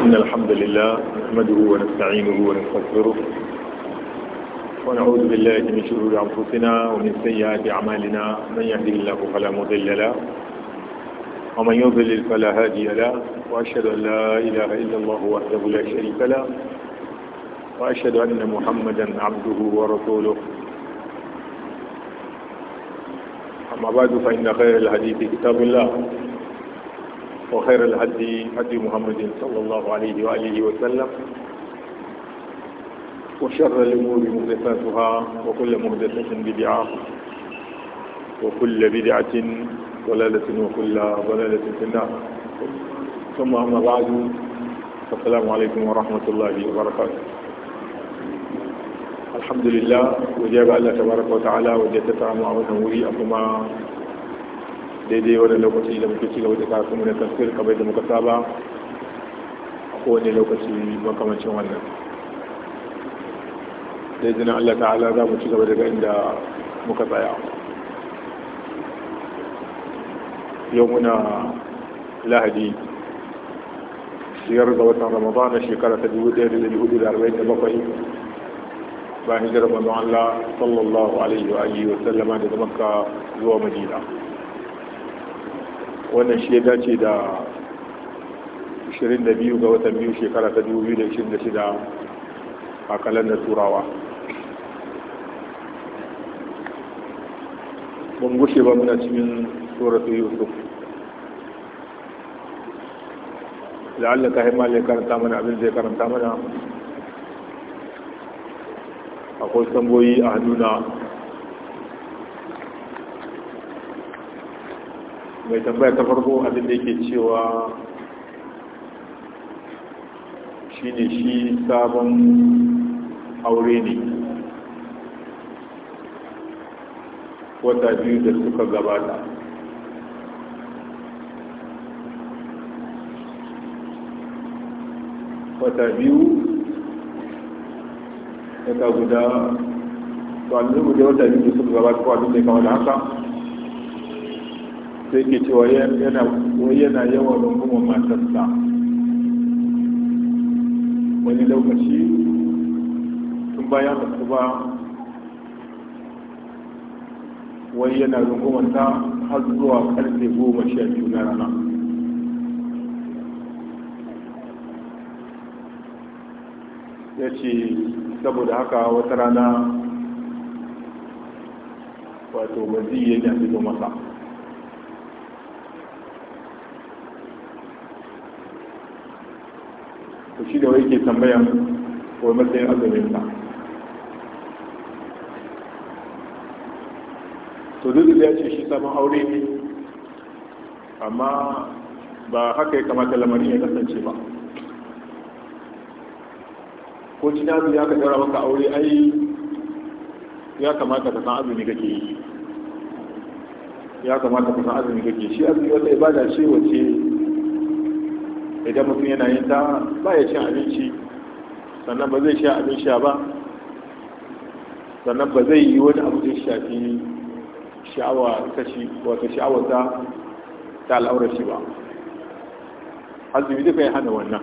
إن الحمد لله نحمده ونستعينه ونستغفره ونعوذ بالله من شرور أنفسنا ومن سيئات أعمالنا من يهده الله فلا مضل له ومن يضلل فلا هادي له وأشهد أن لا إله إلا الله وحده لا شريك له وأشهد أن محمدا عبده ورسوله أما بعد فإن خير الحديث كتاب الله وخير الهدي هدي محمد صلى الله عليه وآله وسلم وشر الأمور محدثاتها وكل محدثة بدعة وكل بدعة ضلالة وكل ضلالة في النار ثم أما بعد السلام عليكم ورحمة الله وبركاته الحمد لله وجاب الله تبارك وتعالى وجدت تعامل أموري أقوما daidai wani lokaci da muke cigaba da kasu mu da tafsir kamar da muka saba a kowane lokaci makamancin wannan da izinin Allah ta'ala za mu cigaba daga inda muka tsaya yau muna lahadi siyar ga watan ramadana shekara ta dubu ɗaya da da da hudu arba'in bakwai bayan hijirar manzon Allah sallallahu alaihi wa alihi wa sallama daga Makka zuwa Madina wannan shi ya dace da 22 ga watan biyu shekara ta 2026 a kalandar turawa mun gushe ba muna cikin tsoratun yusuf la'allaka haima ya karanta mana abin zai karanta mana akwai tamboyi a hannuna mai tambaya ta farko abin da yake cewa shi ne shi sabon aure ne wata biyu da suka gabata wata biyu ta guda wata biyu da suka gabata ko da ya kama da haka sai ke cewa yana yana yawan rungumar matarsa wani lokaci tun bayan su ba wai yana rungumar ta har zuwa karfe goma sha biyu na rana ya ce saboda haka wata rana wato wazi ya yi masa shi da wai ke tambaya ko matsayin azumin sa to duk ya ce shi sabon aure ne amma ba haka ya kamata lamarin ya kasance ba ko jinabi ya ka tsara maka aure ai ya kamata ka san azumi kake yi ya kamata ka san azumi kake shi azumi wata ibada ce wace idan mutum yana yin ta ba ya cin abinci sannan ba zai sha abin sha ba sannan ba zai yi wani abu da shafi sha'awa kashi wata sha'awa ta ta al'aurar shi ba azumi duka ya hana wannan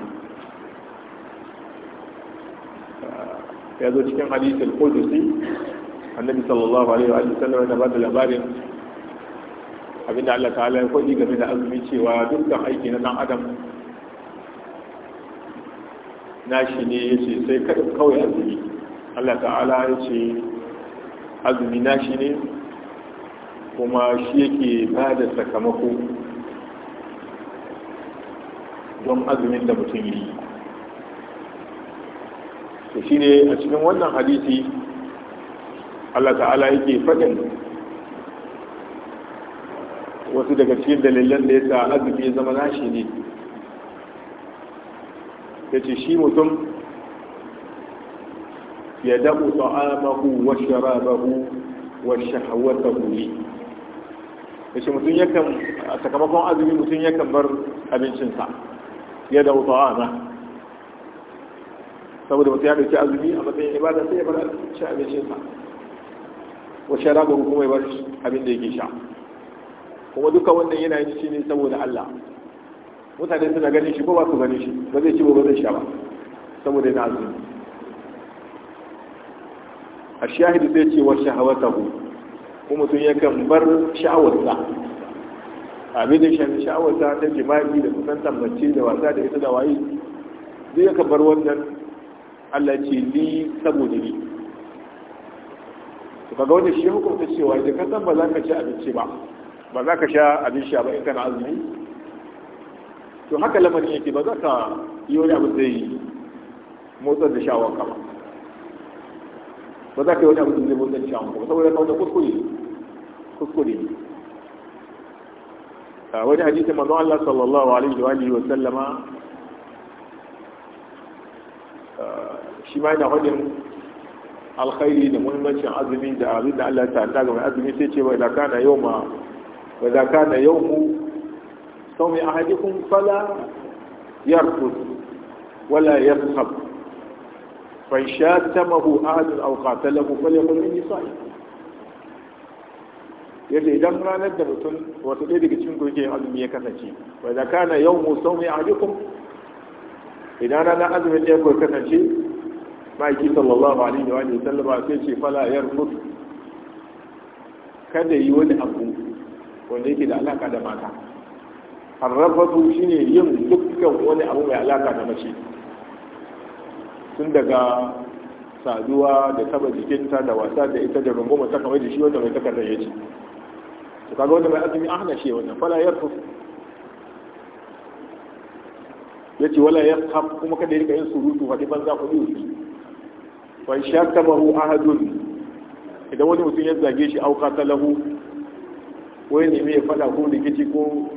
ya zo cikin al-qudsi annabi sallallahu alaihi wa sallam yana bada labarin abinda Allah ta'ala ya faɗi game da azumi cewa dukkan aiki na dan adam nashi ne ya ce sai kawai azumi allah ta'ala ya ce azumi nashi ne kuma shi yake ba da sakamako don azumin da mutum yi to shi ne a cikin wannan hadisi allah ta'ala yake fadin wasu daga cikin dalilan da ya sa azumi ya zama nashi ne ya ce shi mutum ya damu ta'amahu wa sharabahu wa shahawatahu li ya ce mutum yakan a sakamakon azumi mutum yakan bar abincinsa ya damu ta'ama saboda mutum ya dauki azumi a matsayin ibada sai ya bar abinci abincinsa wa sharabahu kuma ya bar abin da yake sha kuma duka wannan yana yin shi ne saboda Allah mutane suna ganin shi ko ba su ganin shi ba zai ci ba zai sha ba saboda yana azumi a shahidi zai ce wa shahawata ku kuma mutum yakan bar sha'awarsa abin da shafi sha'awarsa ta jima'i da kusan tambace da wasa da ita da waye zai yakan bar wannan Allah ce ni saboda ni to kaga wanda shi hukunta cewa idan ka san ba za ka ci abinci ba ba za ka sha abin sha ba in kana azumi to haka lamarin yake ba za ka yi wani abu zai motsar da shawon ka ba ba za ka yi wani abu zai motsar da shawon ka ba saboda kawo da kuskure kuskure ne wani hadisi manzo Allah sallallahu alaihi wa alihi wa sallama shi ma yana hudin alkhairi da muhimmancin azumi da abin da Allah ta ta ga mai azumi sai ce wa idza kana yawma wa na kana yawmu صوم أحدكم فلا يرفض ولا يرخب فإن شاتمه أهل أو قاتله فليقل إني صائم يلي إذا ما ندرتن وتدرك تنقل جي علم يكتشي وإذا كان يوم صوم أحدكم إذا أنا لا أدرك تنقل كتشي ما يجي صلى الله عليه وآله وسلم فلا يرفض كذا يولي أبو ونجد علاقة دماغه harrafatu ne yin dukkan wani abu mai alaka da mace tun daga saduwa da taba jikinta da wasa da ita da rungoma ta kamar da shi wata mai takardar ya ce Su kaga wata mai azumi an hana shi wannan fala yarfu ya ce wala ya yarfa kuma kada ya rika yin surutu ban za ku yi wuce wa shakabahu ahadun idan wani mutum ya zage shi auka ta lahu wai ne mai faɗa ko rikici ko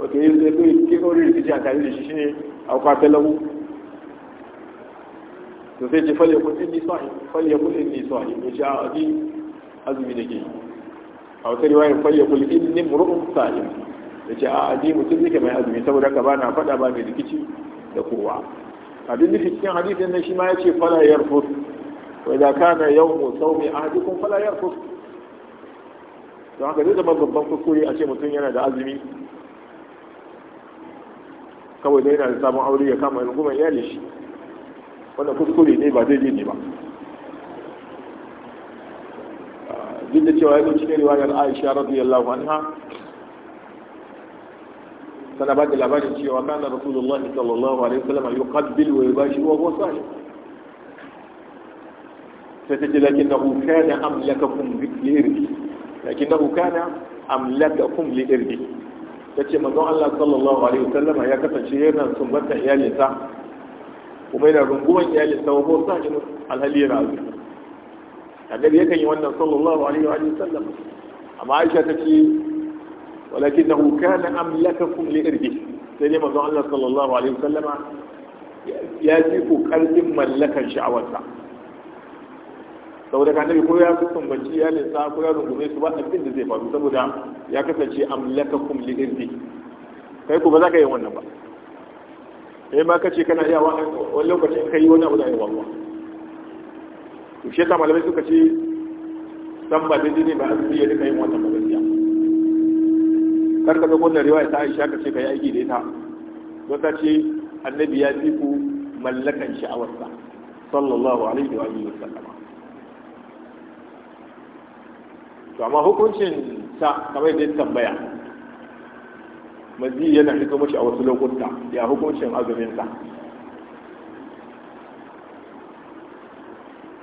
wato yin zai kai ke kawai rikici a tare da shi shi ne a kwata lahu to sai ce falle kun inni sahi falle kun inni sahi ya ce a aji azumi da ke a wata riwayar falle kun inni mur'un sahi ya ce a aji mutum ke mai azumi saboda ka ba na faɗa ba mai rikici da kowa abin nufi cikin hadisin nan shi ma ya ce fala yarfus wa idza kana yawmu sawmi ahadikum fala yarfus don haka zai zama babban kuskure a ce mutum yana da azumi kawai da yana da sabon aure ya kama rungumar iyalin shi wannan kuskure ne ba zai ne ba duk da cewa ya zo cikin riwayar aisha radiyallahu anha tana ba da labarin cewa kana rasulullah sallallahu alaihi wasallam yuqabbil wa yubashi wa huwa sahih sai ta ce lakinnahu kana amlakakum li irdi lakinnahu kana amlakakum li irdi ta ce mazan Allah sallallahu alaihi wasallama ya kasance yana sumbanta iyalinsa kuma yana rungumar iyalinsa wa bauta ne alhali yana azu annabi yakan yi wannan sallallahu alaihi wa amma Aisha ta ce walakin na amlaka kuma li irbi sai ne mazan Allah sallallahu alaihi wasallama ya ji ku karfin mallakan sha'awarsa saboda ka nabi ko ya sumbanci iyalinsa ko ya rungume su ba abin da zai faru saboda ya kasance amlakakum li irdi kai ko ba za ka yi wannan ba kai ma kace kana iya wani lokacin kai wani abu da ya wawa to shi ta malamai suka ce san ba da ne ba azumi ya duka yin wannan ba gaskiya kar ka ga wannan riwaya ta Aisha kace kai aiki da ita don ta ce annabi ya fi ku mallakan sha'awarsa sallallahu alaihi wa sallam to amma hukuncin sa kamar yadda tambaya mazi yana fito mashi a wasu lokuta ya hukuncin azumin ta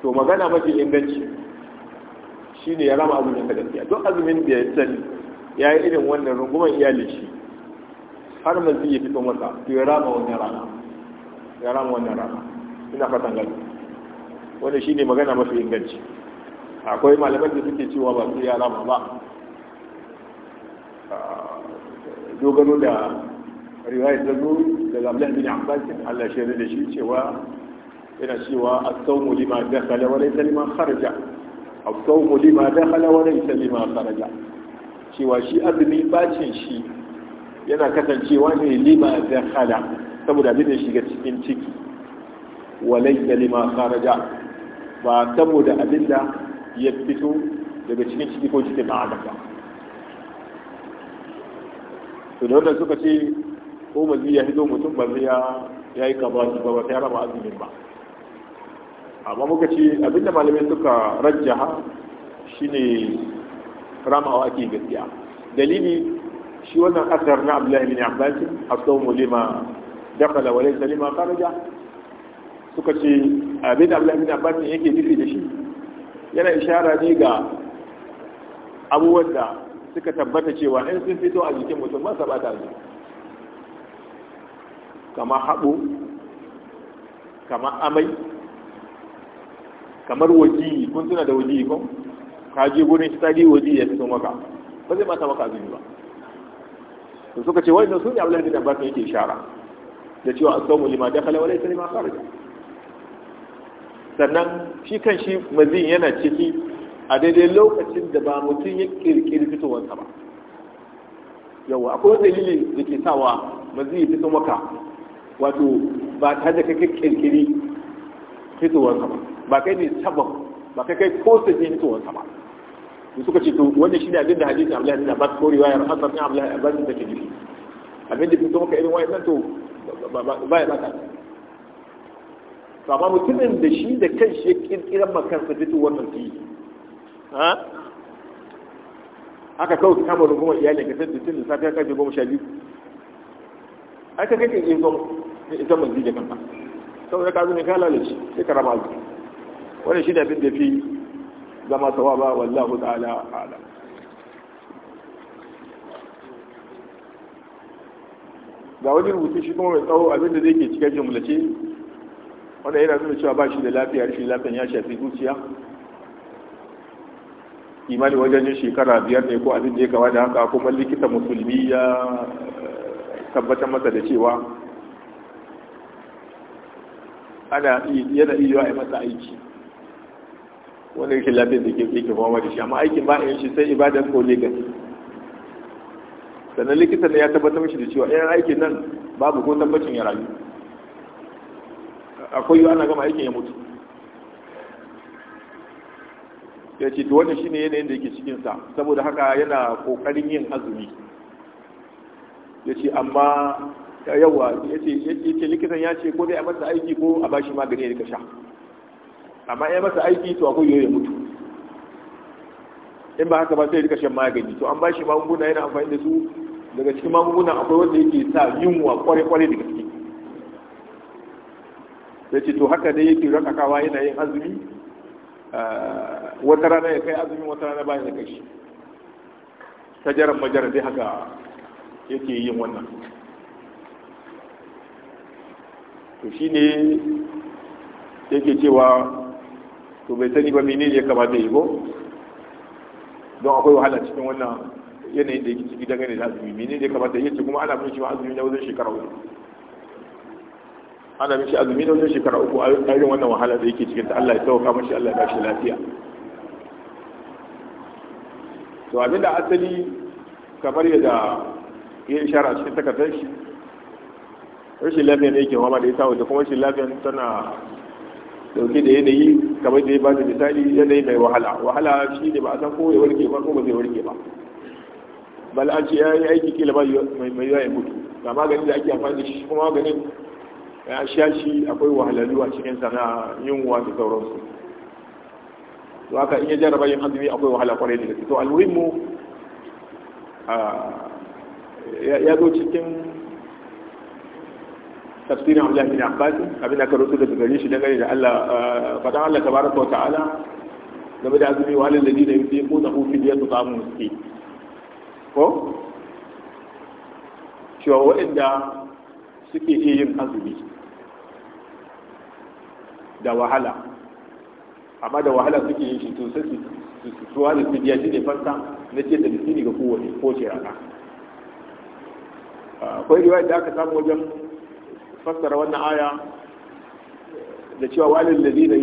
to magana mafi inganci shine ya rama azumin ka gaskiya duk azumin da ya sani ya yi irin wannan runguman iyali shi har mazi ya fito masa to ya rama wannan rana ya rama wannan rana ina fatan gani wannan shine magana mafi inganci akwai malaman da suke cewa ba su yara ba ba ah, dogaro da riwayar da zo da abdullahi bin abbas Allah shi da shi cewa yana cewa as-sawmu lima dakhala wa laysa lima kharaja as-sawmu lima dakhala wa laysa lima kharaja cewa shi azumi bacin shi yana kasancewa ne lima dakhala saboda abin da shiga cikin ciki wa laysa lima kharaja ba saboda abin da ya fito daga cikin ciki ko cikin na adam ba to da wannan suka ce ko mazi ya hito mutum ba zai ya yi kaba su ba ba ta raba azumin ba amma muka ce abinda malamai suka rajjaha shine ramawa ake gaskiya dalili shi wannan asar na abdullahi bin abbas as-sawmu lima dakala wa laysa lima kharaja suka ce abinda da abdullahi bin abbas yake nufi da shi yana ishara ne ga abubuwan da suka tabbata cewa in sun fito a jikin mutum ba sa bata ne kama haɓo kama amai kamar wajiyi kun tuna da wajiyi kun ka gudun gurin shi tsari wajiyi ya fito maka ba zai mata maka zuwa ba suka ce wani sun yi abin da tabbata yake ishara da cewa asamu lima dakhala wa laysa ma fara sannan shi kan shi mazin yana ciki a daidai lokacin da ba mutum ya kirkiri fitowarsa ba yawa akwai wata dalili da ke sawa mazin ya fito maka wato ba ta da kai kirkiri fitowarsa ba ba kai ne sabon ba kai kai ko ne fitowarsa ba da suka ce to shi ne abin da ba su bin Abbas ko ne abu lalata ba su da ke jiki abin da fito maka irin nan to ba ya ba ta. amma mutumin da shi da shi ya kirkiran makansa fito wannan fi aka kawo ka kama rungumar iyalin ka sai tun da safiya karfe goma sha biyu ai ka kake yin zama ita manzi da kanta. saboda ka zo ne ka lalace sai ka raba azu wani shi da da fi zama sawa ba wallahu ta'ala ala ga wani rubutu shi kuma mai tsawo abinda zai ke cikakken jumlace wanda yana nuna cewa ba shi da lafiya shi lafiyan ya shafi zuciya imani wajen yin shekara biyar ne ko abin da ya kama da haka kuma likita musulmi ya eh, tabbatar masa da cewa ana yana iya yi masa aiki wanda yake lafiyar da ke ke fama da shi amma aikin ba yin shi sai ibadar ko legas sannan likita ne ya tabbatar shi da cewa yan eh, aikin nan babu ko tabbacin ya rayu akwai yiwu ana gama aikin ya mutu ya ce to wannan shine yanayin da yake cikinsa saboda haka yana kokarin yin azumi ya ce amma yawa ya ce likitan ya ce ko dai a masa aiki ko a bashi magani ya rika sha amma ya masa aiki to akwai yiwu ya mutu in ba haka ba sai rika shan magani to an bashi magunguna yana amfani da su daga cikin magunguna akwai wanda yake sa yunwa kware-kware daga ya ce to haka dai yake rakakawa yana yin azumi wata rana ya kai azumi wata rana bayan ya kai shi ta jaran majara dai haka yake yin wannan to shi ne yake cewa to bai sani ba mene ne ya kamata yi ko don akwai wahala cikin wannan yanayin da yake ciki dangane da azumi mene ne ya kamata yi ce kuma ana bin shi azumi na wajen shekara hudu ana mishi azumi na wajen shekara uku a irin wannan wahala da yake cikin ta Allah ya sauka mashi Allah ya bashi lafiya to abinda asali kamar yadda ya ishara a cikin takardar shi rashin lafiya ne yake fama da ya ita da kuma rashin lafiya tana dauke da yanayi kamar da ya ba da misali yanayi mai wahala wahala shi ne ba a san ko ya warke ba ko ba zai warke ba bal an ce ya yi aiki kila ba mai yawa ya mutu ga maganin da ake amfani da shi kuma maganin ya sha shi akwai wahalalu a cikin sana wa da sauransu to haka in ya jaraba yin azumi akwai wahala kwarai da gaske to almuhimmu ya zo cikin tafsirin Abdullah bin Abbas abin da karo su da gare shi dangane da Allah fadan Allah tabaraka wa ta'ala game da azumi wa alal ladina yutiquna hu fidyatun ta'amun miskin ko cewa waɗanda suke iya yin azumi da wahala amma da wahala suke yin shi to sai su su wani su biya ne fanta na ce da misini ga kowace ce rana ah, akwai riwaya da aka samu wajen fassara wannan aya da cewa da walil ladina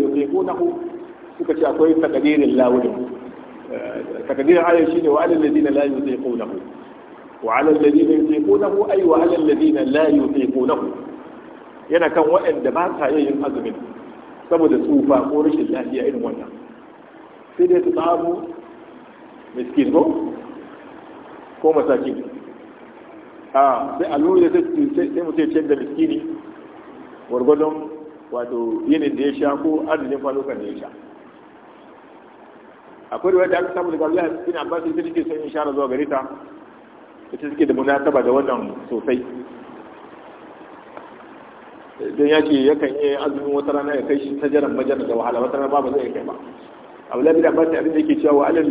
ku suka ce akwai takadirin lawulin eh, takadirin ayar shine walil ladina la yuqinunahu wa alal ladina yuqinunahu ay wa alal ladina la ku yana kan waɗanda ba sa yin azumin saboda tsufa ko rashin lafiya irin wannan sai dai su samu miskin ko ko masakin a sai a lura sai mutum ya ce da miskini gwargwadon wato yinin da ya sha ko arzikin falokan da ya sha akwai riwaya da aka samu daga Allah ibn Abbas ita take son shara zuwa garita ita suke da munasaba da wannan sosai don ya ce yakan iya azumin wata rana ya kai shi ta jaran majar da wahala wata rana ba zai kai ba abu labi da bata abin da yake cewa alal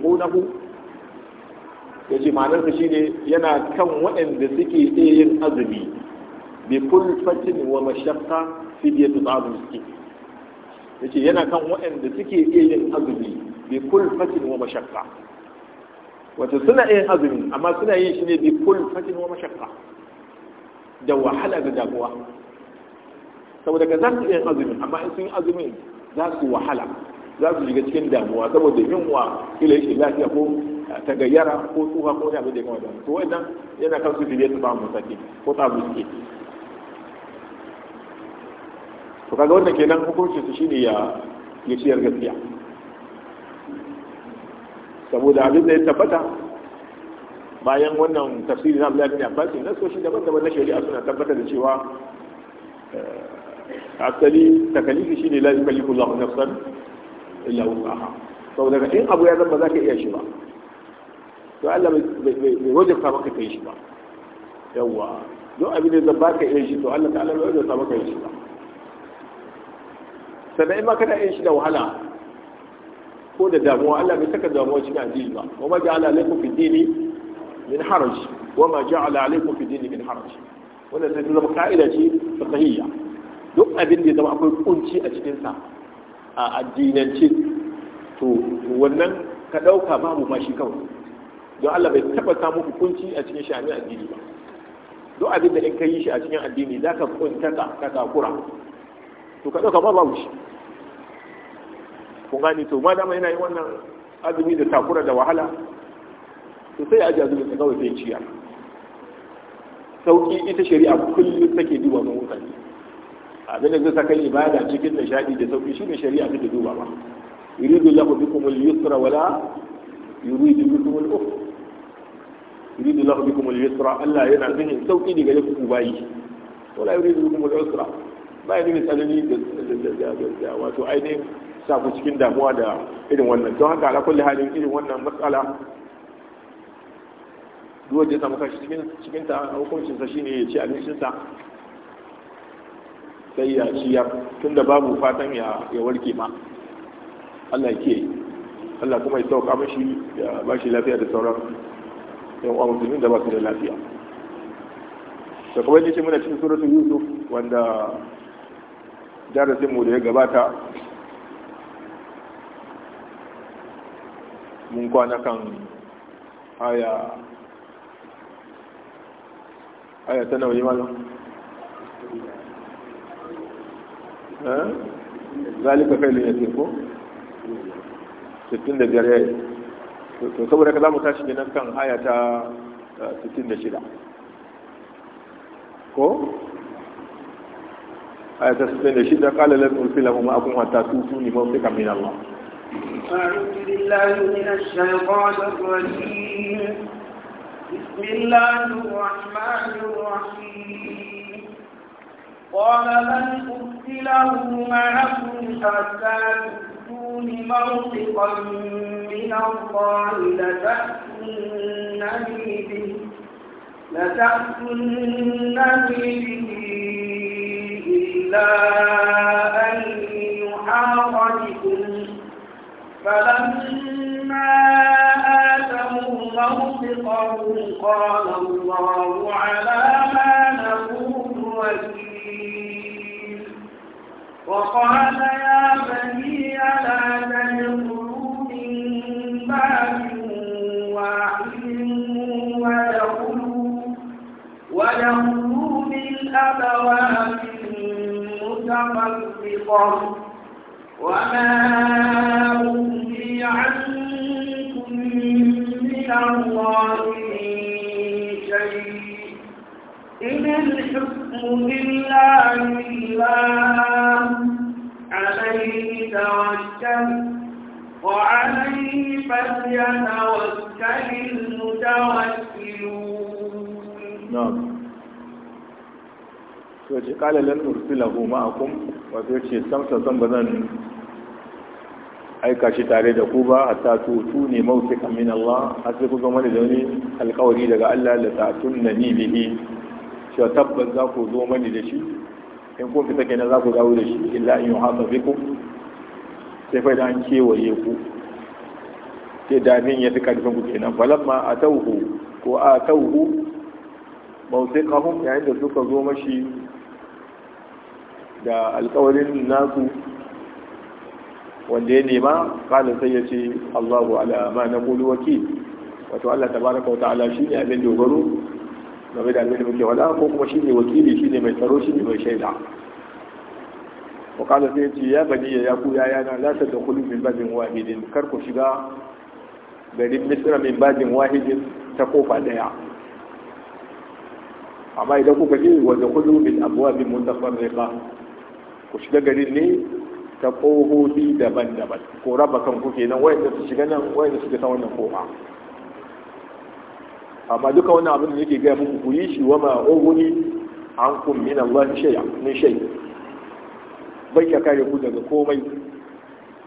ko na ku? ya ce ma'anar shi ne yana kan waɗanda suke iya yin azumi bi kulfatin wa mashaqqa fi diyatu suke Ya ce yana kan waɗanda suke iya yin azumi bi kulfatin wa mashaqqa wato suna yin azumi amma suna yin shi ne bi kulfatin wa mashaqqa da wahala da damuwa saboda ka za su iya azumi amma in sun yi azumi za su wahala za su shiga cikin damuwa saboda yunwa kila yake lafiya ko eh, ta gayyara ko tsuha ko wani abin da ya kama da to wannan yana kan su filiye su ba mu sake ko ta buske to kaga wannan kenan hukuncin su shine ya ya ciyar gaskiya saboda abin da ya tabbata bayan wannan tafsirin na Abdullahi ya Abbas na so shi daban-daban na shari'a suna tabbatar da cewa eh, asali takalifi ne la yukallifu Allahu nafsan illa wusaha saboda ka in abu ya zama za ka iya shi ba to Allah bai wajabta maka kai shi ba yawwa don abin da zan ka iya shi to Allah ta'ala bai wajabta maka yin shi ba sannan in ma kana iya shi da wahala ko da damuwa Allah bai saka damuwa cikin addini ba wa ma ja'ala alaikum fi dini min haraj wa ma ja'ala alaikum fi dini min haraj wannan sai ta zama ka'ida ce ta sahiya. duk abin da ya zama akwai kunci a cikinsa a addinance to wannan ka ɗauka babu ma shi kawai don Allah bai taɓa samu hukunci a cikin sha'anin addini ba duk abin da in ka yi shi a cikin addini za ka kuntata ka takura to ka ɗauka ba babu shi Ko gani to ma dama yana yi wannan azumi da takura da wahala to sai ya ji azumi ka kawai sai ciya Sauki ita shari'a kullum take duba ga mutane abin da zai saka ibada cikin nishadi da sauki shi ne shari'a ta duba ba yuridu lahu bikum al-yusra wala yuridu bikum al ukhra yuridu lahu bikum al-yusra Allah yana nufin sauki ne gare ku bayi wala yuridu bikum al-usra bai ne misalani tsanani da wato ainihin sa ku cikin damuwa da irin wannan don haka ala kulli halin irin wannan matsala duk wanda ya samu kashi cikin cikin ta hukuncin sa shine ya ci sa sai ya ciyar tunda babu fatan ya warke ma Allah ke Allah kuma ya sauka mashi ya ba shi lafiya da sauran yan uwa musulmi da ba su da lafiya da kuma yake muna cikin suratul yusuf wanda darasin mu da ya gabata mun kwana kan aya aya ta nawa yi malam Eh? zalika kai ne yake ko 65 yayi to saboda ka zamu tashi kenan kan aya ta 66 eh, ko aya ta 66 qala lan ursila hum akum hatta tutuni mawfiqan min Allah أعوذ بالله من الشيطان الرجيم بسم الله الرحمن الرحيم قال لن أرسله معكم حتى تؤتون موثقا من الله لتأتونني به لتأتونني به إلا أن يحاط بكم فلما آتوا موثقهم قال الله على ما نقول وكيل وقال يا بني لا تدخلوا من باب واحد ودخلوا ودخلوا من أبواب متفرقة وما أغني عنكم من الله من شيء إن الحكم الحكم لله الله عليه توكل وعليه فليتوكل ce samsa san bazan aika shi tare da ku ba hatta tutu ne mawsikan min Allah har ku wani da wani alkawari daga Allah la ta'tunna ni bihi cewa tabbas za ku zo mani da shi in ko fita kenan za ku dawo da shi illa in yi hasa sai fa an kewaye ku sai damin ya fi karfin ku kenan falamma a tauhu ko a tauhu mausikahum yayin da suka zo mashi da alkawarin nasu wanda ya nema kala sai ya ce Allahu ala ma na kulu wakil wato Allah tabaraka wa ta'ala shi ne abin dogaro game da abin muke wala, ko kuma shine wakili shine mai tsaro shine mai shaida wakala sai ce ya bani ya ku ya yana la tadkhulu min babin wahidin kar ku shiga garin misra min babin wahidin ta kofa daya amma idan ku je wanda kudu min abwabi mutafarriqa ku shiga garin ne ta kohohi daban-daban ko raba kanku kuke nan wayanda su shiga nan wayanda su ta wannan kofa amma duka wannan abin da nake gaya muku ku yi shi wa ma ughni an kun min Allah shay'a min shay bai ya kare ku daga komai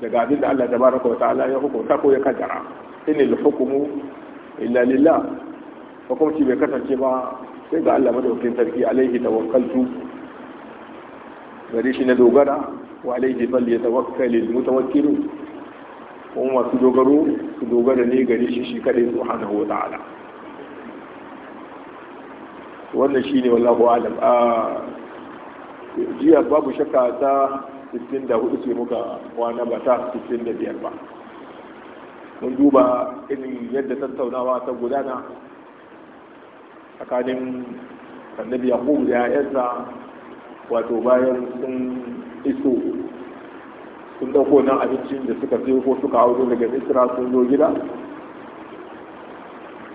daga abin da Allah tabaraka wa ta'ala ya hukunta ko ya kaddara al hukmu illa lillah hukunci bai kasance ba sai ga Allah madaukakin sarki alaihi tawakkaltu gare shi na dogara wa alaihi fal yatawakkalul mutawakkilun kuma su dogaro su dogara ne gare shi shi kadai subhanahu wa ta'ala wannan shi ne wallahu alam a jiya babu shakka ta 64 ce muka kwana ba ta 65 ba mun duba irin yadda tattaunawa ta gudana tsakanin annabi yakubu da ya'yansa wato bayan sun iso sun dauko nan abincin da suka sayo ko suka hau daga misra sun zo gida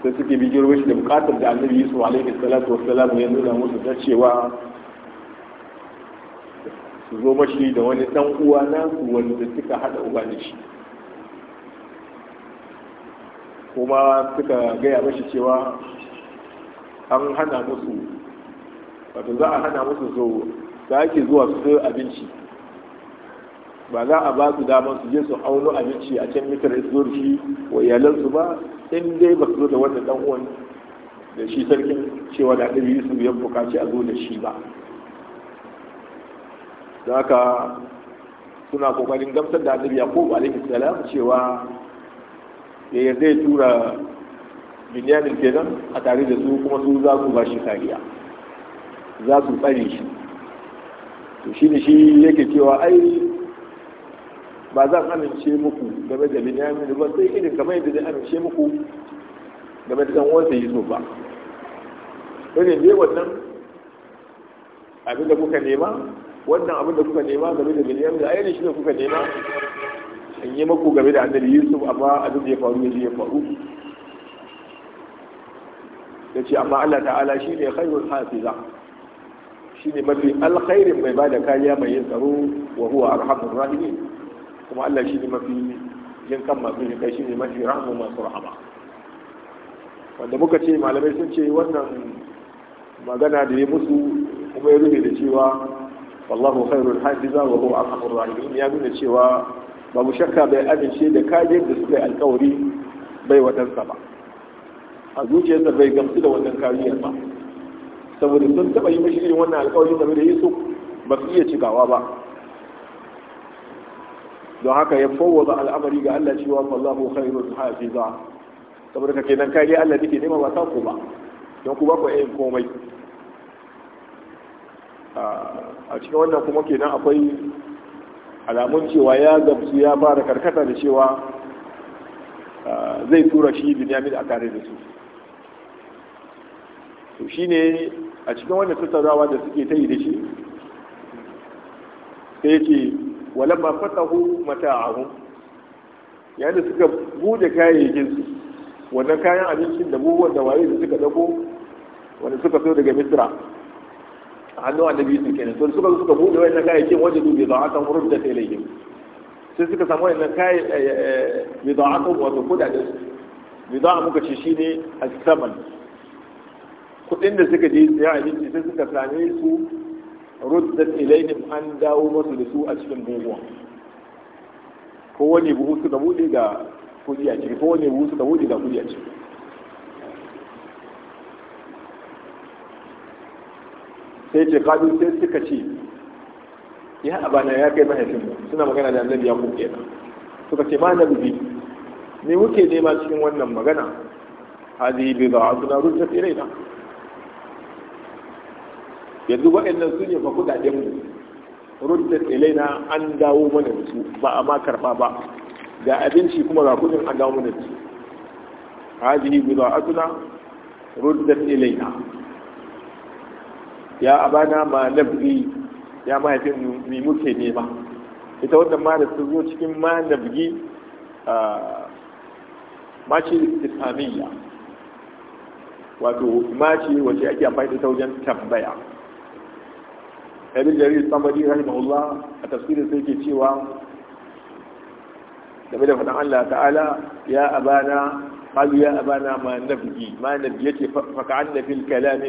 sai suke bijiro mashi da bukatar da annabi yusuf alaihi salatu salamu ya nuna musu ta cewa su zo mashi da wani dan uwa su wanda suka hada uba da shi kuma suka gaya mashi cewa an hana musu wato za a hana musu zo da ake zuwa su abinci ba za a ba su damar su je su auno abinci a can mitar su wa iyalansu ba in dai ba su zo da wannan dan uwan da shi sarkin cewa da ɗari su biyan bukaci a zo da shi ba da ka suna kokarin gamsar da ya yaqub alaihi salam cewa ya yarda ya tura binyamin kenan a tare da su kuma su za su ba shi kariya za su tsare shi to shi ne shi yake cewa ai ba zan amince muku game da binyamin ba sai irin kamar yadda zai amince muku game da dan uwansa yusuf ba irin dai wannan abin da kuka nema wannan abin da kuka nema game da binyamin da ayyana shi ne kuka nema in yi muku game da annabi yusuf amma abin da ya faru ya ya faru ya ce amma allah ta'ala shi ne khairul hafiza shi ne mafi alkhairin mai ba da kariya mai yin tsaro wa huwa arhamur rahimin kuma Allah shi ne mafi jin kan masu jin kai shi ne mafi rahama masu rahama wanda muka ce malamai sun ce wannan magana da ya musu kuma ya rufe da cewa wallahu khairul hafiza wa huwa arhamur rahimin ya nuna cewa babu shakka bai amince da kaje da suka yi alkawari bai wadansa ba a zuciyarsa bai gamsu da wannan kariyar ba saboda sun taɓa yi mashi irin wannan alkawari game da yusuf ba su iya cigawa ba don haka ya fawwada al'amari ga Allah cewa wallahu khairul hafiza saboda ka kenan kariya Allah take nema ba ta ku ba don ku ba ku yin komai a cikin wannan kuma kenan akwai alamun cewa ya gamsu ya fara karkata da cewa zai tura shi binyamin a tare da su to shine a cikin wannan tattaunawa da suke ta yi da shi sai yake walamma fatahu mata'ahum yayin da suka bude kayayyakin su wannan kayan abincin da buwan da waye da suka dako wanda suka so daga misra a hannun annabi su kenan to suka suka bude wannan kayayyakin wajen dubi da aka murda ta ilayhim sai suka samu wannan kayi eh, eh, bida'atun wato kudaden bida'a muka ce shine as-saman kudin da suka je siya abinci sai suka same su ruddat ilaihim an dawo masu da su a cikin buguwa ko wani buhu suka bude ga kudi a ciki ko wani buhu suka bude ga kudi a ciki sai ce kadu sai suka ce ya abana ya kai mahaifinmu suna magana da annabi ya kuke na suka ce ma na bibi ne muke nema cikin wannan magana hadi bi za'atuna rujjat na. yanzu waɗannan su ne fa kudaden mu ruddat ilaina an dawo mana su ba a ma karba ba ga abinci kuma ga kudin an dawo mana guda su hadihi bida'atuna ruddat ilaina ya abana ma nabgi ya mahaifin mi muke nema ita wannan ma da zo cikin ma nabgi a ce islamiyya wato maci wace ake amfani da ta wajen tambaya ibn jarir samadi rahimahullah a tafsirin sai ke cewa game da faɗin Allah ta'ala ya abana قالوا يا أبانا ما نبغي ما نبغي فكعنا في الكلام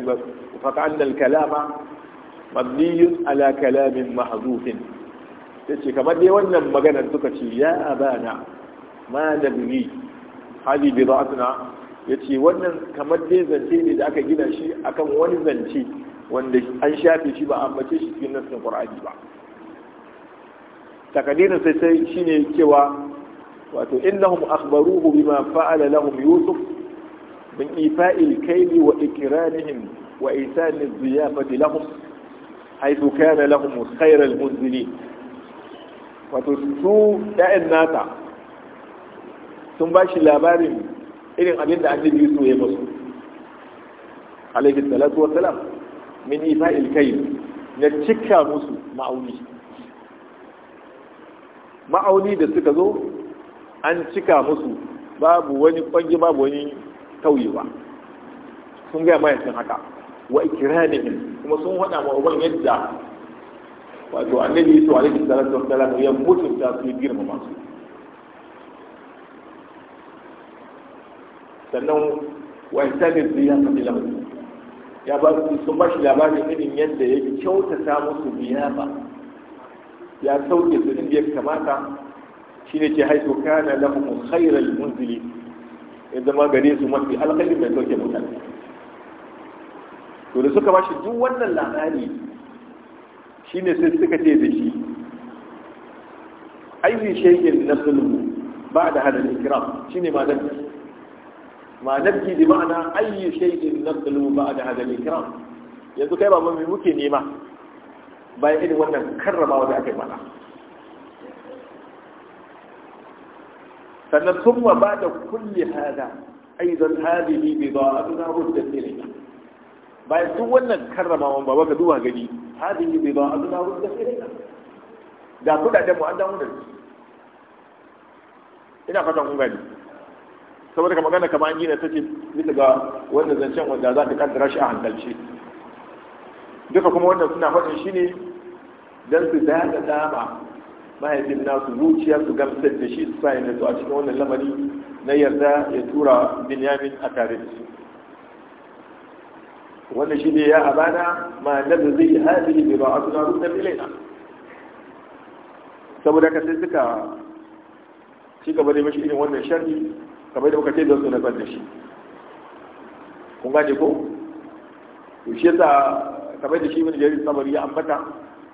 فكعنا الكلام مبني ala kalamin محذوف Yace kamar dai wannan maganar suka ce ya abana ma nabghi hadi bid'atuna yace wannan kamar dai zance ne da aka gina shi akan wani zance wanda an shafe shi ba a mace shi cikin nassin qur'ani ba takadirin sai sai shine cewa wato innahum akhbaruhu bima fa'ala lahum yusuf min ifa'il kayli wa ikramihim wa isan az-ziyafati lahum haythu kana lahum khayr al-munzilin wato su da'in nata sun ba shi labarin irin abin da annabi yusuf ya musu alaihi salatu wa salam min ifa'il kai na cika musu ma'auni ma'auni da suka zo an cika musu babu wani kwangi babu wani tauyewa sun gaya mahaifin haka wa ikranihim kuma sun hada ma uban yadda wato annabi yusuf alaihi salatu wassalam ya mutunta su girmama su sannan wa ihsani ziyafati lahu ya ba su sun ba shi labarin irin yadda ya kyautata musu ba. ya sauke su inda ya kamata shi ne ke haifu kana lahum khairal munzili ya zama gare su mafi alkalin mai sauke mutane to da suka ba shi duk wannan labari shi ne sai suka ce da shi ainihin shekin na sulhu ba da hada ikram shi ne ma zai ma nabki bi ma'ana ayyu shay'in naqlu ba'da hada al-ikram yanzu kai ba mu muke nema bayan irin wannan karrama da aka yi mana sannan sun wa ba da kulle hada aizan hadini bai zuwa a tuna hudda tsirina bayan sun wannan karramawan ba baka duba gani hadini bai zuwa a tuna hudda tsirina da kudaden mu an damu da su ina fatan kun gani saboda kamar magana kamar an yi na take bisa ga wanda zancen wanda za ta kaddara shi a hankalce duka kuma wannan suna faɗin shi ne don su da dama mahaifin nasu zuciya su gamsar da shi su sa su a cikin wannan lamari na yarda ya tura binyamin a tare da su wannan shi ne ya abana ma da zai haɗi ne ba a suna rukar ilaina saboda ka sai suka ci gaba da mashi irin wannan sharri kamar da muka ce don su ban da shi kun gane ko to shi yasa kamar da shi ibn jarir sabari ya ambata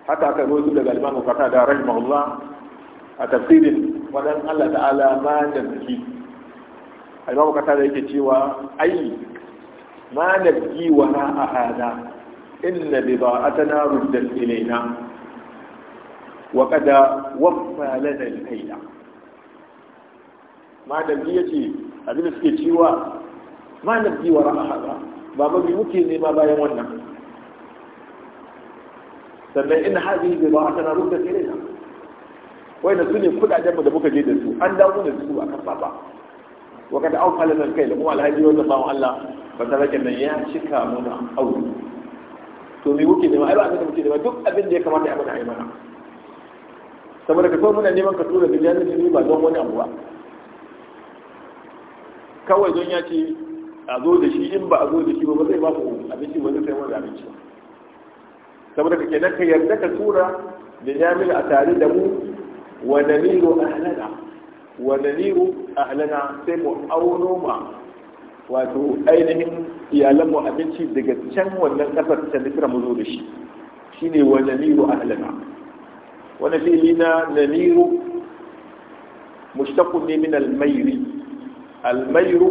haka aka zo su daga al-imam fata da rahimahullah a tafsirin wadan Allah ta'ala ma da zaki al-imam da yake cewa ai ma nabki wa na a ahada inna bida'atana ruddat ilaina wa qad waffa lana al-kayla malami ya ce abin da suke cewa malam ji wa ra'a ba bi muke ba bayan wannan sannan in hadi da ba ta na rubuta tsere na wai da sune kudaden mu da muka je da su an dawo da su a kan baba waka da au nan kai da kuma alhaji wannan bawan Allah ba ta rake nan ya cika muna aure to me muke ne ma, ba abin da muke ma, duk abin da ya kamata ya mana yi mana saboda ka so muna neman ka tura da da ba don wani abu ba kawai don ya ce a zo da shi in ba a zo da shi ba ba zai ba ku abinci ba zai sai wani abinci ba saboda ka kenan ka yarda ka tura da jami'a a tare da mu wa namiru ahlana wa namiru ahlana sai mu auno ma wato ainihin iyalan mu abinci daga can wannan kasar ta nufira mu zo da shi shine wa namiru ahlana wani fili na namiru mushtaqun ne min al-mayri almairu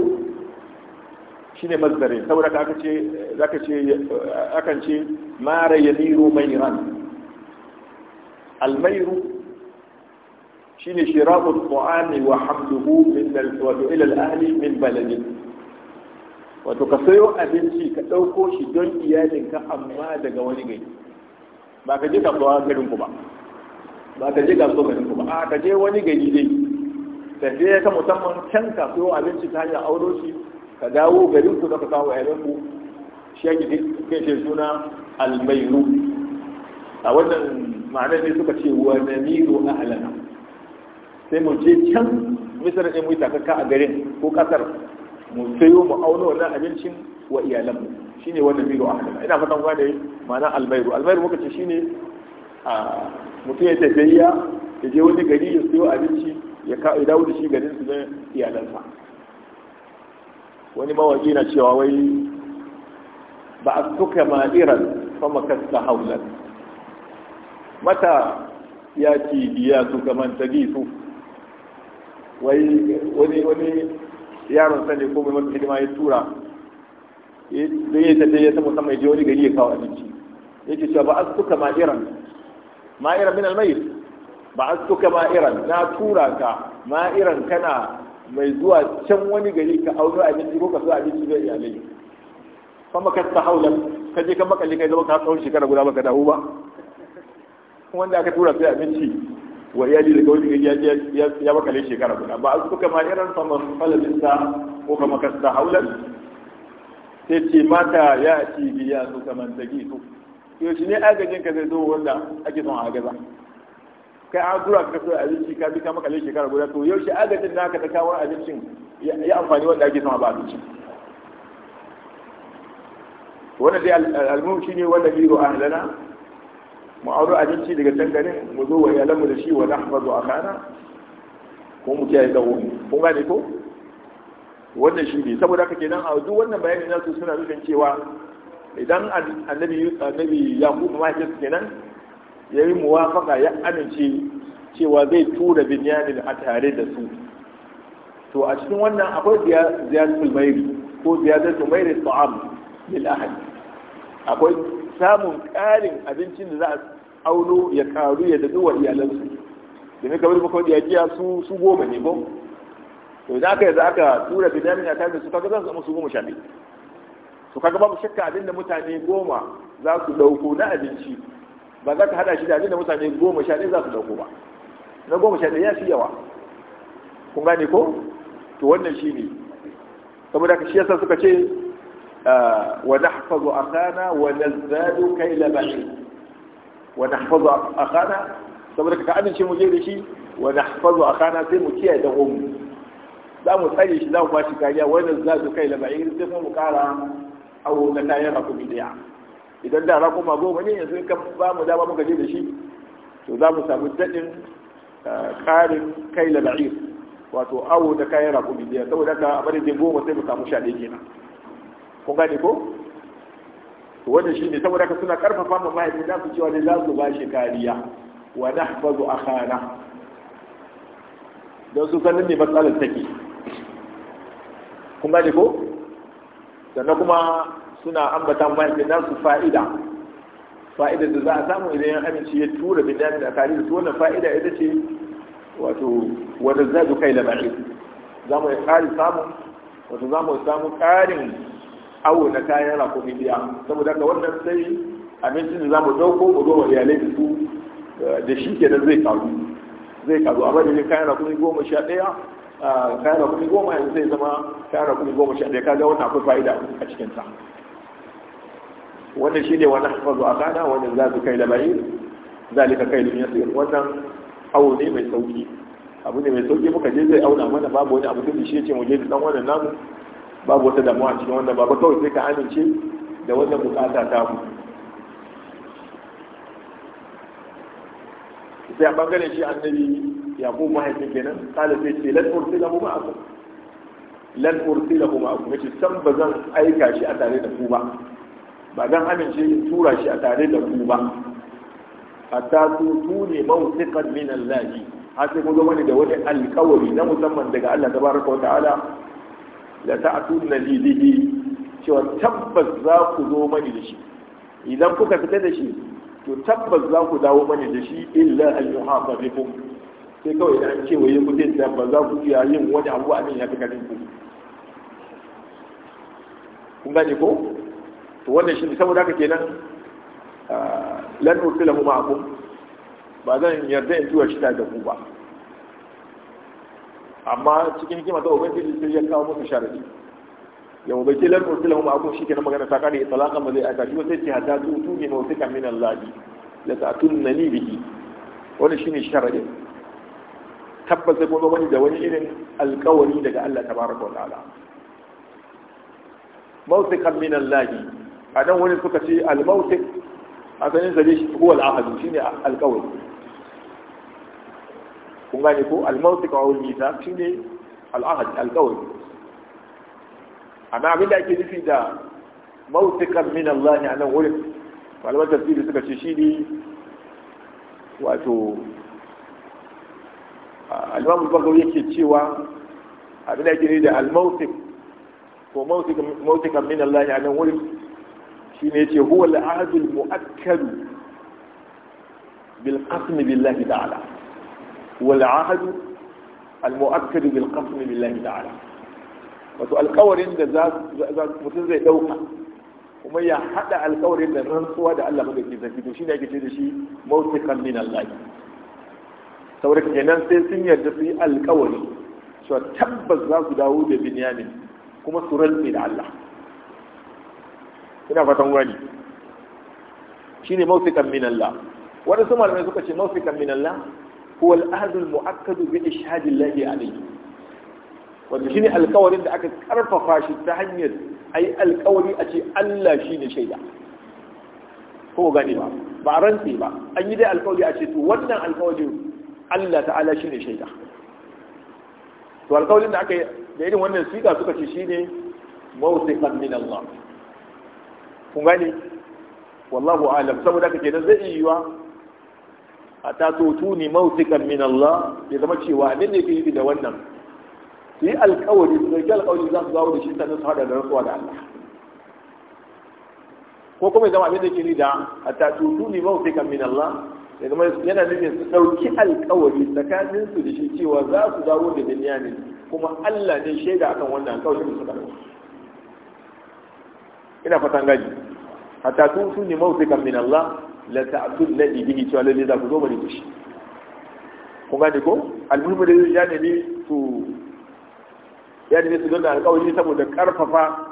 shine masdarin saboda ka ce zaka ce akan ce mara yamiru mairan almairu shine shirabu at wa hamduhu min al-wadu ila al-ahli min baladi wato ka sayo abinci ka dauko shi don iyalinka amma daga wani gari ba ka je kasuwa garin ku ba ba ka je kasuwa garin ku ba a ka je wani gari dai ya ta musamman can ka siyo abinci ta hanyar auro shi ka dawo garin ku da ka kawo a ku shi ya gidi kai shi suna almairu a wannan ma'anar ne suka ce wa namiru ahlana sai mu je can misar ɗin mu yi takaka a garin ko ƙasar mu sayo mu auna wannan abincin wa iyalanmu shine wannan miro ahlana ina fatan yi ma'ana almairu almairu muka ce shi a mutum ya tafiya ya je wani gari ya siyo abinci ya dawo da shi garin su da iyalansa wani mawaki na cewa wai ba a suka ma'iran fama kasta haular mata ya ci biya su kaman ta su wani wani yaron sani ko mai mafi hidima ya tura zai yi tafiye ya samu sama ya je wani gari ya kawo abinci ya ce cewa ba a suka ma'iran ma'iran min almayir ba ma ma'iran na tura ka ma'iran kana mai zuwa can wani gari ka a abinci ko ka so abinci iya iyalai kuma ka ta haula ka je ka makalle kai zama ka tsawon shekara guda baka dawo ba wanda aka tura sai abinci wa iyali daga wani gari ya ya makalle shekara guda ba a suka ma'iran fa sama falalisa ko kuma ka ta haula sai ce mata ya ci biya su kamar tagi su yau shi ne agajin ka zai zo wanda ake son agaza kai an tura ka kaso abinci ka bi ka makale shekara guda to yau shi agajin naka ta kawo abincin ya amfani wanda ake sama ba abinci wannan dai shi ne wanda a halana mu auro abinci daga can garin mu zo wa iyalanmu da shi wa a kana ko mu kiyaye da wani kun gane ko wannan shi ne saboda haka kenan a duk wannan bayanin nasu suna nufin cewa idan annabi annabi yaqub ma kenan ya yi muwafaka ya amince cewa zai tura binyamin a tare da su to a cikin wannan akwai ziyar mairi ko ziyadatul mairi ta'am lil ahad akwai samun ƙarin abincin da za a auno ya karu ya dadu wa iyalansu domin kamar muka wadda ya su su goma ne ba. to idan aka yanzu aka tura binyamin a tare da su kaga za su zama su goma sha biyu to kaga babu shakka abinda mutane goma za su dauko na abinci ba za ka hada shi da abin da mutane goma sha ɗaya za su dauko ba na goma sha ɗaya ya fi yawa kun gane ko to wannan shi ne saboda ka shi yasa suka ce ah, wa a kana wa nazdadu kai labari wa a kana saboda ka amince mu je da shi wa a kana sai mu kiyaye da umu za mu tsare shi za mu ba shi kariya wa nazdadu kai labari, sai mu kara a na kayan rakumi daya idan da raƙuma goma ne yanzu kan ba mu dama muka je da shi to za mu samu daɗin ah, ƙarin kai da la'ir wato awo da kayan raƙumi biyar saboda ka a madadin goma sai mu samu sha ɗaya kenan kun gane ko to wannan shi ne saboda ka suna karfafa ma mahaifin su cewa ne za su ba shi kariya wa nahfazu akhana don su sanin ne matsalar take kun gane ko sannan kuma suna ambata bayan da su fa'ida fa'ida da za a samu idan an amince ya tura bin dami da kare su wannan fa'ida ita ce wato wanda za su kai labari za mu kare samun wato za mu samu ƙarin awo na kayan rakumin biya saboda ka wannan sai abincin da za mu ɗauko mu zo wa iyalai da su da shi ke zai karu zai karu a madadin kayan rakumi goma sha ɗaya kayan rakumi goma yanzu zai zama kayan rakumi goma sha ɗaya kaga wannan akwai fa'ida a cikin ta wannan shi shine wa nahfazu akana wa su kai da bayin zalika kai da yasir wannan awo ne mai sauki abu ne mai sauki muka je zai auna mana babu wani abu da shi ce mu je da dan wannan namu babu wata damuwa cikin wannan babu kawai sai ka amince da wannan bukata ta mu sai a bangaren shi annabi yaqub mahaifin kenan kala sai ce lan ursilahu ma'akum lan ursilahu ma'akum yace san bazan aika shi a tare da ku ba ba don amince in tura shi a tare da ku ba hatta su tu ne minan min Allah har sai kun zama da wani alƙawari na musamman daga Allah tabaraka wata'ala la ta'tunna na bihi cewa tabbas za ku zo mani da shi idan kuka fita da shi to tabbas za ku dawo mani da shi illa an yuhafa bikum sai kawai da an ce yin mutum da ba za ku iya yin wani abu a nan ya fi ganin ku kun gane ko to wannan shi saboda haka kenan lan ursila huma akum ba zan yarda in tuwa shi ta da ku ba amma cikin hikima ta ubangiji sai ya kawo musu sharadi ya bace lan ursila huma akum shi kenan magana ta kare talaqan ba zai aika shi ba sai ce hatta tu ne mawtika min allahi la ta'tunni bihi wannan shine sharadi tabbata kuma wani da wani irin alƙawari daga Allah tabaraka wa ta'ala mawtikan min allahi a nan wani suka ce almautik a ganin zare shi huwa al'ahadu shi ne alkawai kun gane ko almautik wa wani ta shi ne al alkawai amma abinda ake nufi da mautikan min Allah ne a nan wurin malaman tafsiri suka ce shi ne wato almamu bagaw yake cewa abinda ake nufi da almautik ko mautikan min Allah ne a nan wurin shi ne ce huwa al'adul mu'akkadu bil qasm billahi ta'ala huwa ahadu al mu'akkadu bil qasm billahi ta'ala wato alƙawarin da za mutum zai ɗauka kuma ya haɗa alƙawarin da rantsuwa da Allah ke zafi to ne ake ce da shi mawtiqan min Allah saboda kenan sai sun yarda su yi alƙawari cewa tabbas za su dawo da binyamin kuma su rantsi da Allah ina fatan wani shine mawsikan min Allah wani su malamai suka ce mausikan minalla Allah huwa al-ahd al-mu'akkad bi ishhad Allah alayhi wato shine alƙawarin da aka karfafa shi ta hanyar ai alƙawari a ce Allah shine shaida ko gani ba ba rantsi ba an yi dai alƙawari a ce to wannan alƙawarin Allah ta'ala shine shaida to alƙawarin da aka yi da irin wannan siga suka ce shine mawsikan min Allah kun gane wallahu alam saboda ka kenan zai yi yiwa a ta taso tuni mautikan min Allah ya zama cewa abin da yake da wannan su yi alkawari su ɗauki alkawari za su dawo da shi sannan su haɗa da rasuwa da Allah ko kuma ya zama abin da yi da a ta taso tuni mautikan min Allah ya zama yana nufin su ɗauki alkawari tsakanin su da shi cewa za su dawo da duniya ne kuma Allah ne shaida akan wannan alkawari da suka ɗauki ina fatan gaji hatta tun sun ne kan min Allah la ta'tul la bihi cewa lalle za ku zo bane shi kun gane ko almuhimu da ya nemi su ya ne su don da alƙawari saboda ƙarfafa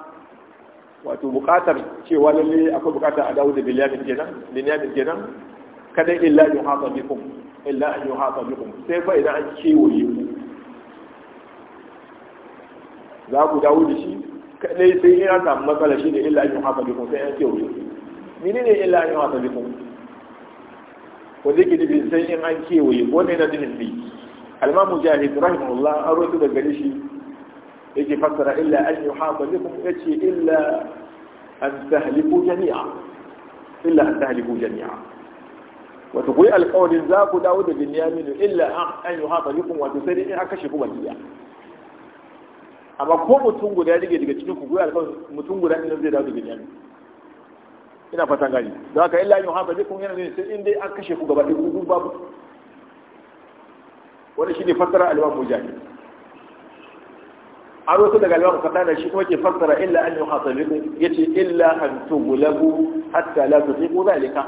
wato buƙatar cewa lalle akwai buƙatar a dawo da biliyamin kenan biliyamin kenan kada illa yi hafa bikum illa an yi hafa bikum sai fa idan an kewaye ku za ku dawo da shi kadai sai in aka matsala shi ne illa an yi haka bikun sai an ce wuce mene ne illa an yi haka bikun ko zai gidi sai in an kewaye wannan yana nufin bi almamu jahil rahimahullah an rotu da gare shi yake fassara illa an yi haka bikun ya ce illa an tahliku jami'a illa an tahliku jami'a wato ku yi alkawarin za ku dawo da binyaminu illa an yi haka bikun wato sai dai in aka shi ku baki amma ko mutum guda ya rige daga cikin ku goyi alƙawari mutum guda ɗin zai dawo daga jami'a ina fatan gani don haka illa yin hafa zikun yana zai sai in dai an kashe ku gaba ɗaya kuku babu wani shi ne fassara mu mujahid an rotu daga alimam fatana shi kuma ke fassara illa an yi hafa zikun ya ce illa an tugulabu hatta la tuziku zalika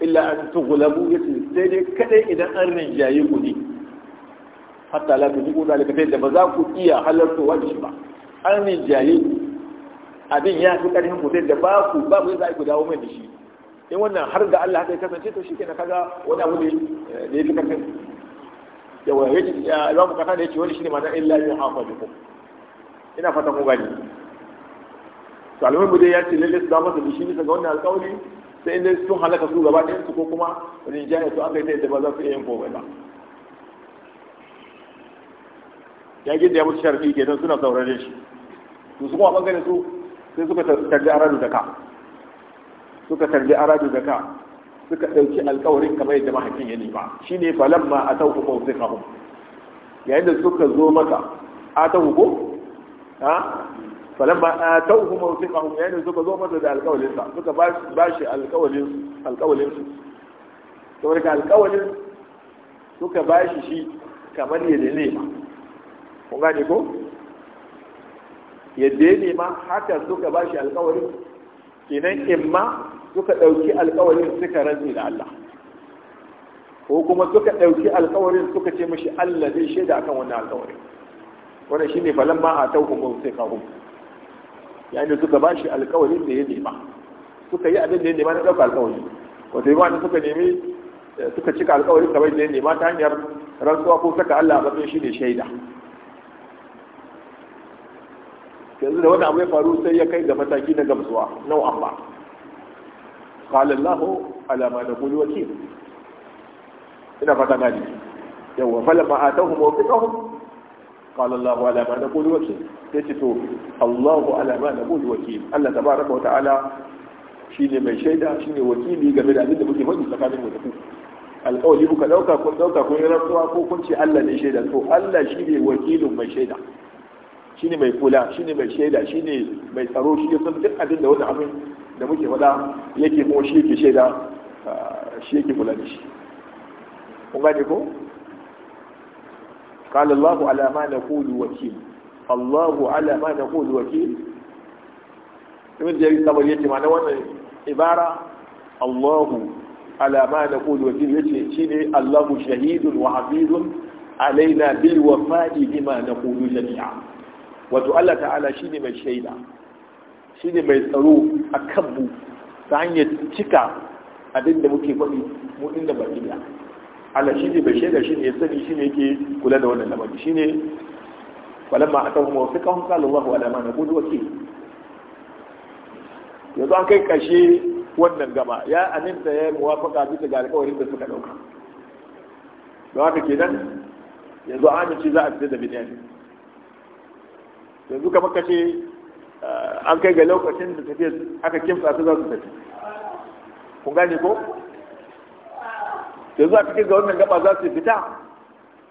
illa an tugulabu ya ce sai dai kaɗai idan an rinjaye ku ne hatta la tuziqu zalika sai da ba za ku iya halartu, wani shi ba an ni jayi abin ya fi karfin ku sai da ba ku ba ku za ku dawo mai da shi in wannan har da Allah haka ya kasance to shikenan kaga wani abu ne eh, da ya fi karfin yawa ya imamu kasa da ya ce wani shine ma'ana illa yuhafadukum ina fatan ku gani to mu dai ya ce lalle su zama su shi, ne ga wannan alƙawari sai inda sun halaka su gaba ɗayan su ko kuma rinjaya su aka yi ta yadda ba za su iya yin komai ba ya gida ya mutu sharfi don suna saurare shi su su kuma bangaren su sai suka tarbi aradu da ka suka tarbi aradu da ka suka ɗauki alkawarin kamar yadda mahaifin ya nema shi ne falon ma a ta hukumar sai kahun yayin da suka zo maka a ta ko? Falon ma a ta ma sai kahun yayin da suka zo maka da alkawarinsa suka ba shi alkawarinsu saboda alkawarin suka ba shi shi kamar yadda nema kun gane ko yadda ya nema haka suka ba shi alkawarin kenan imma suka ɗauki alkawarin suka rantsi da Allah ko kuma suka ɗauki alkawarin suka ce mashi Allah zai shaida akan wannan alkawarin wannan shine falan ma a tauku ko sai kahu yayin da suka ba shi alkawarin da ya nema suka yi abin da ya nema na ɗauka alkawari wato yi suka nemi eh, suka cika alkawarin kamar da ya nema ta hanyar rantsuwa ko saka Allah a matsayin shi ne shaida yanzu da wani abu ya faru sai ya kai ga mataki na gamsuwa nau amma qala Allahu ala ma naqulu wakil ina fata gani yawa falamma atahum mawqitahum qala Allahu ala ma naqulu wakil yace to Allahu ala ma naqulu wakil Allah tabaraka wa ta'ala ne mai shaida shi ne wakili game da abin da muke faɗi tsakanin mu da ku alƙawari kuka ɗauka kun ɗauka kun yi rantsuwa ko kun ce Allah ne shaida to Allah shi ne wakilin mai shaida shine mai kula shine mai shaida shine mai tsaro shi san duk abin da wani abin da muke faɗa yake kuma shi yake shaida ah, shi yake kula da shi kun gane ko قال الله على ما نقول وكيل الله على ما نقول وكيل ابن جرير الطبري يتي معنى وانا عبارة الله على ما نقول وكيل يتي شيني الله شهيد وحفيظ علينا بالوفاء بما نقول جميعا wato Allah ta'ala shi ne mai shaida shi ne mai tsaro a kanmu ta hanyar cika abin da muke faɗi mu inda ba gida Allah shi ne mai shaida shi ne ya sani shi ne yake kula da wannan lamari shi ne falamma aka kuma wasu kan kala wa wa alama na gudu wakil yanzu an kai kashe wannan gaba ya aminta ya muwafaka bisa ga alkawarin da suka ɗauka don haka kenan yanzu amince za a fita da binyamin yanzu kamar ka ce eh, an kai ga lokacin da tafiya aka kimsa su za su tafi kun gane ko yanzu a cikin ga wannan gaba za su fita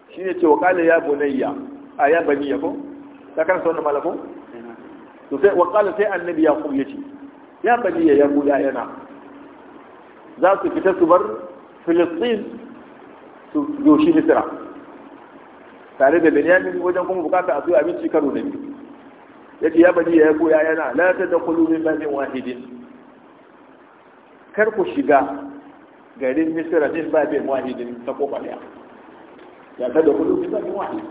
shi ne cewa kala ya bunayya a ya ya ko ta kan sauna malafin to sai wa kala sai annabi ya kuma yace ya bani ya ya yana za su fita su bar filistin su yoshi misira tare da benyamin wajen kuma bukata a su abinci karo na biyu yace ya bani ya goya yana la tadkhulu min babin wahidin kar ku shiga garin misira min babin wahidin ta kofa daya ya tadkhulu min babin wahid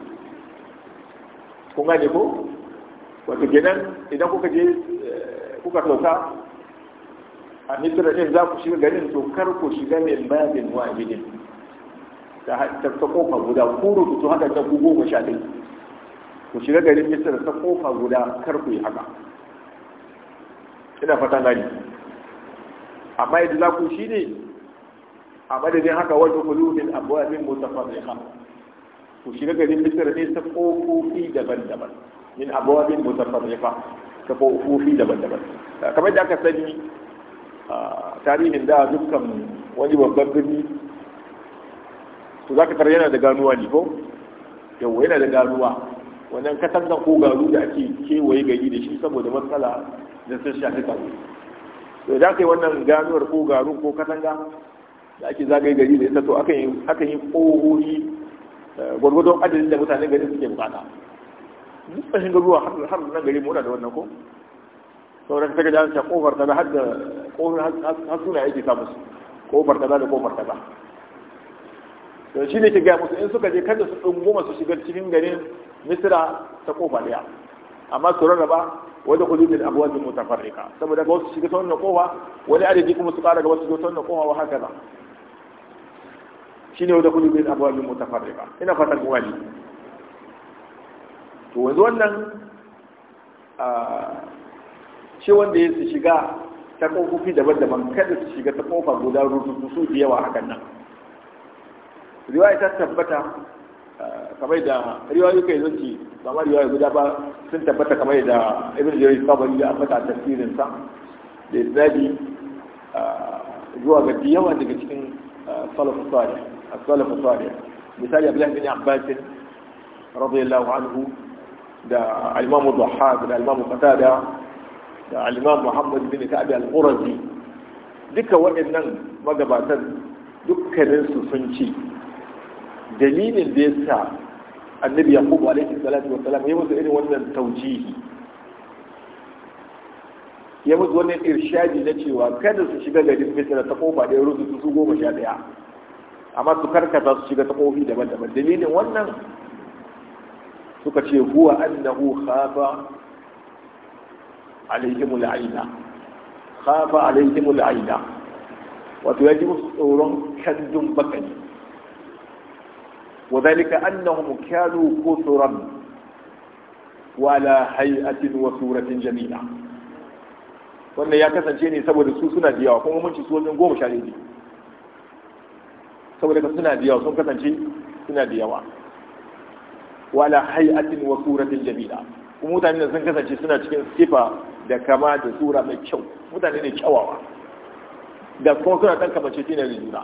kun gane ko wato kenan idan kuka je eh, kuka sauka a misira din za ku shiga garin to kar ku shiga min babin wahidin ta kofa guda kuru to haka ta ku goma sha ku shiga garin misir ta kofa guda kar ku yi haka ina fata gani amma yadda za ku shi ne a madadin haka wajen kulubin abuwamin mutafarriha ku shiga garin misir ne ta kofofi daban-daban min abuwamin mutafarriha ta kofofi daban-daban kamar da aka sani tarihin da dukkan wani babban birni su za ka yana da ganuwa ne ko yau yana da ganuwa wannan katangan ko garu da ake kewaye gari da shi saboda matsala da sun shafi tsaro to da aka yi wannan ganuwar ko garu ko katanga da ake zagaye gari da ita to aka yi aka eh, gwargwadon adadin da mutanen gari suke bukata duk tsashin garuwa har har nan gari mura da wannan ko sauran ta gajan ta kofar ta har da kofar har suna yake samu kofar ta da kofar ta to shi ne ke gaya musu in suka je kada su ɗungu masu shigar cikin garin Misira ta kofa daya amma su rarraba wani kudu da abuwan da mutafarrika saboda ga wasu shiga ta kowa wani adadi kuma su kara ga wasu shiga ta kowa wa haka za shine wani kudu da abuwan da mutafarrika ina fatan wani to wanzu wannan ce wanda ya su shiga ta kofofi daban-daban kada su shiga ta kofa guda rututu su da yawa hakan nan riwaya ta tabbata kamar da riwayoyi kai zanci ba ma riwayoyi guda ba sun tabbata kamar da ibn jarir sabani ya ambata tafsirin sa da zabi zuwa ga yawa daga cikin salafu salih as-salafu salih misali abdullah bin abbas radiyallahu anhu da al-imam dhahhak da al-imam qatada da al-imam muhammad bin ka'ab al-qurazi duka waɗannan magabatan dukkaninsu sun ci dalilin da ya sa annabi yaqubu alaihi salatu wa salam ya musu irin wannan taujihi ya musu wannan irshadi na cewa kada su shiga garin da ta kofa da rusu su su goma sha daya amma su karkata su shiga ta kofi daban-daban dalilin wannan suka ce huwa annahu khafa alaihim al'aina khafa alaihim al'aina wato ya ji musu tsoron kaddun bakani وذلك أنهم كانوا كثرا وعلى هيئة وصورة جميلة wanda ya kasance ne saboda su suna da yawa kuma mun ci su wajen goma sha biyu saboda ka suna da yawa sun kasance suna da yawa wala hay'atin wa suratin jamila kuma mutane sun kasance suna cikin sifa da kama da sura mai kyau mutane ne kyawawa da kuma suna kamar kamace tina da juna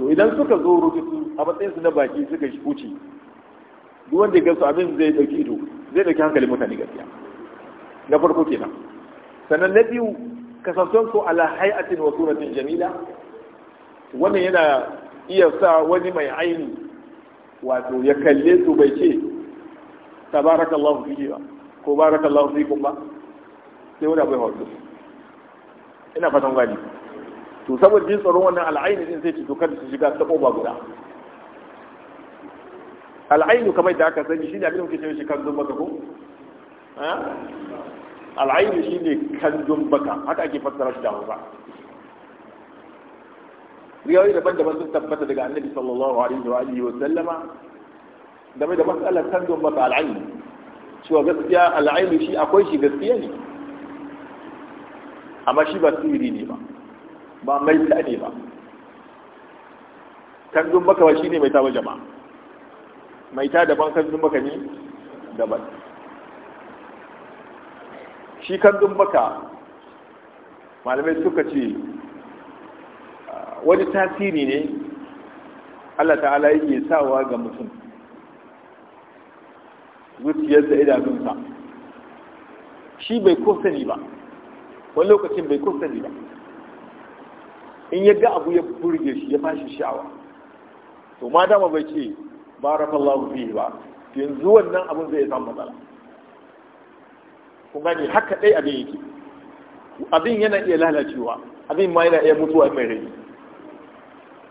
to idan suka zo rubutu a matsayin su na baki suka wuce kuci duwanda ya gasu abin zai dauki ido zai dauki hankali mutane gaskiya na farko kenan sannan na biyu kasantuwar su ala hay'atin wa suratin jamila wannan yana iya sa wani mai aini wato ya kalle su bai ce tabarakallahu fihi ba ko barakallahu fikum ba sai wani abu ya ina fatan gani to saboda jin tsoron wannan al'ainu din sai ce to kada su shiga ta ba guda al'ainu kamar da aka sani shine abin da muke cewa shi kan baka ko al'ainu shine kan baka haka ake fassara shi da Hausa riwayoyi daban-daban sun tabbata daga annabi sallallahu alaihi wa alihi wa sallama game da matsalar kan baka al'ainu cewa gaskiya al'ainu shi akwai shi gaskiya ne amma shi ba siri ne ba ba mai ta ne ba kanzun baka ba shine mai ta ba jama'a mai ta daban kanzun baka ne daban shi kanzun baka malamai suka ce wani tasiri ne Allah ta'ala yake sawa ga mutum zuciyarsa idanunsa shi bai ko ni ba wani lokacin bai ko ni ba in ya ga abu ya burge shi ya bashi sha'awa to ma dama bai ce barakallahu fi ba yanzu wannan abun zai samu matsala kun gane haka dai abin yake abin yana iya lalacewa abin ma yana iya mutuwa mai rai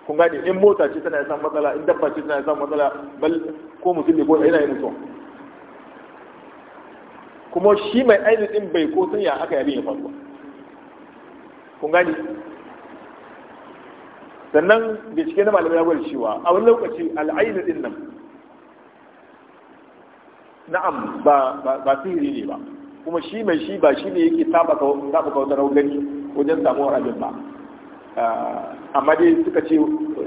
kun gane in mota ce tana samun matsala in dabba ce tana samun matsala bal ko musulmi ko yana yin mutuwa kuma shi mai ainihin bai ko sun ya aka yabi ya faruwa kun gani sannan bincike na malamai ya cewa a wani lokaci al'ainu din nan na'am ba sihiri ne ba kuma shi mai shi ba shi ne yake tabaka wata raugani wajen samuwar abin ba ah, amma dai suka ce